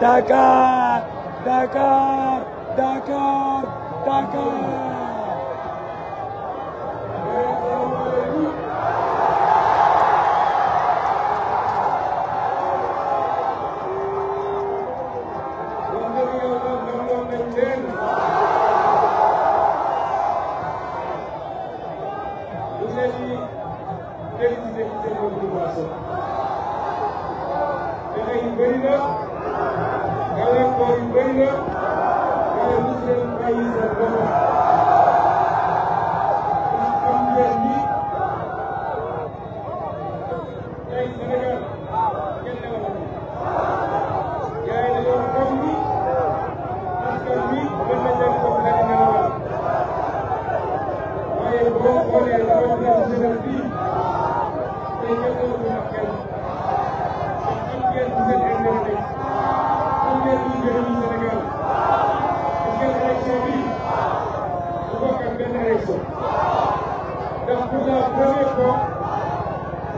Dakar Dakar Dakar Dakar. Thank you. Gracias.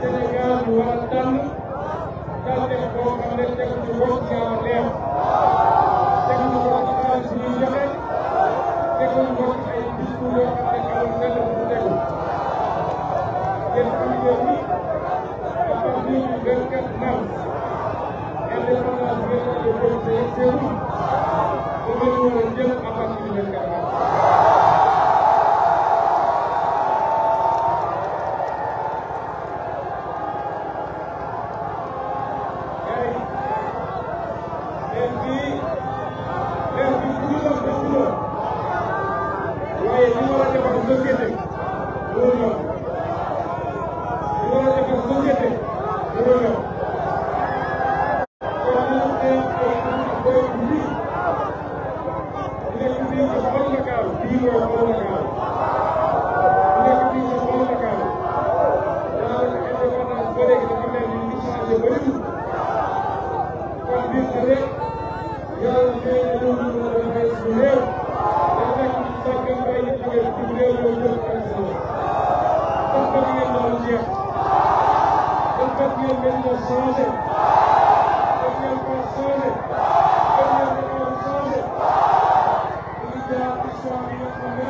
Sénégal bu war a tànn gàllankoor boo xam ne tegu ci bopp gaaw a leer tegu ci bopp xaalis bi ñuy joxe tegu ci bopp ay discours yoo xam ne xaw a mel bu tegu ngeen xam yow ni à partir du 24 mars indépendance bi nga xam ne boobu c'est excellent ba ngeen war a jël à partir du 24 mars. def ngeen ngeen ñoo changé def ngeen ko changé def ngeen ko doon changé ñu jaar histoire bi nga xam ne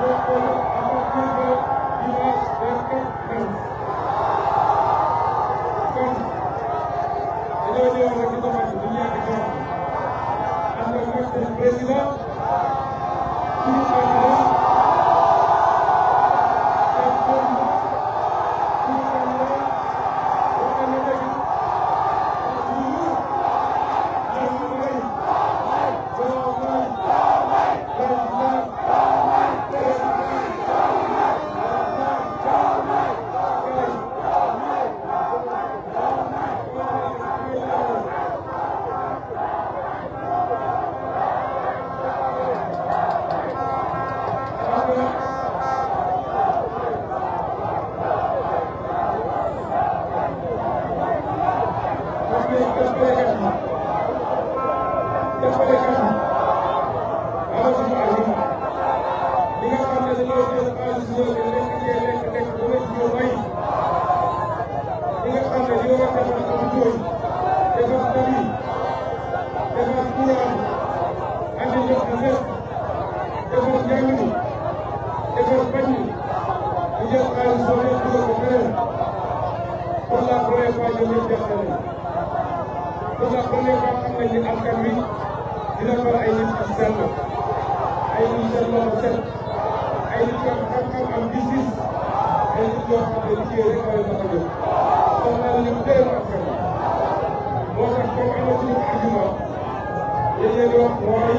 ñoo ko yor à partir de village vers quatre quinze kon dañoo ñëw rek di ko mën di ñaan di ko am nga nag président pour pour la première fois ñu ngi def pour la première fois xam nañ ni askan wi dina far ay nit yu sell ay nit seen loxo set ay nit yoo xam xam am gis-gis ay nit yoo xam ne liggéey rek mooy tax a jóg kon nag ñu gërëm askan wi moo tax comme am na suñu argument li leen wax mooy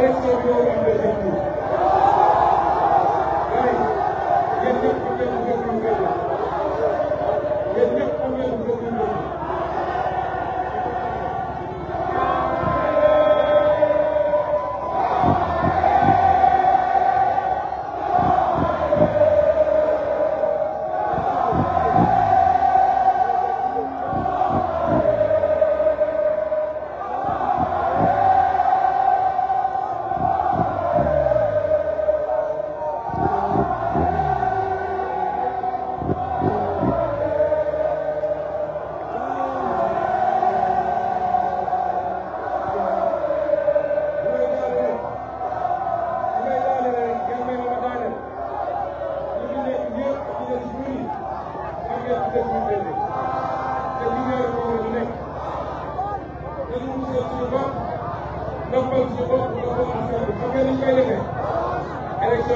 Est-ce que vous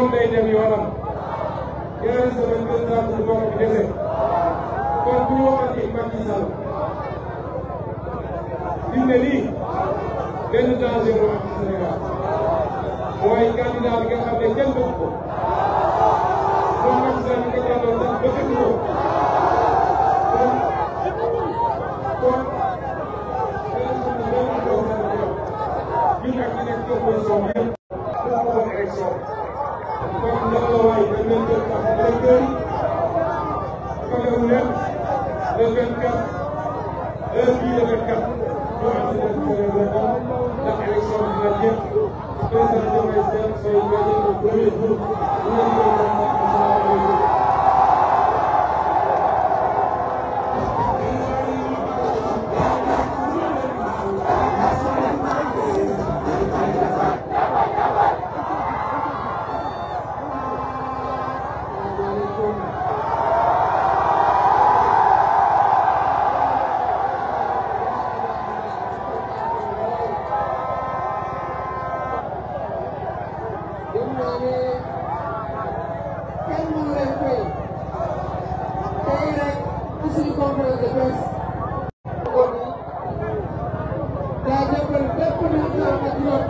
moom day dem yoonam yeneen semaine deux ans du borom bi dese kon bu ñu waxati Macky Sall gis nga lii benn danger moo am ci Sénégal mooy candidat bi nga xam ne kenn bëgg ko moom Macky Sall bi nga jàlloon sax bëggatu ko kon kon kenn ku nekk ñun ak ñi nekk ci opposition bi Thank you. gëm naa ne kenn mënu leen fay tey rek ci suñu conférence de presse daa jëmbal bépp nit ñi ak ñoom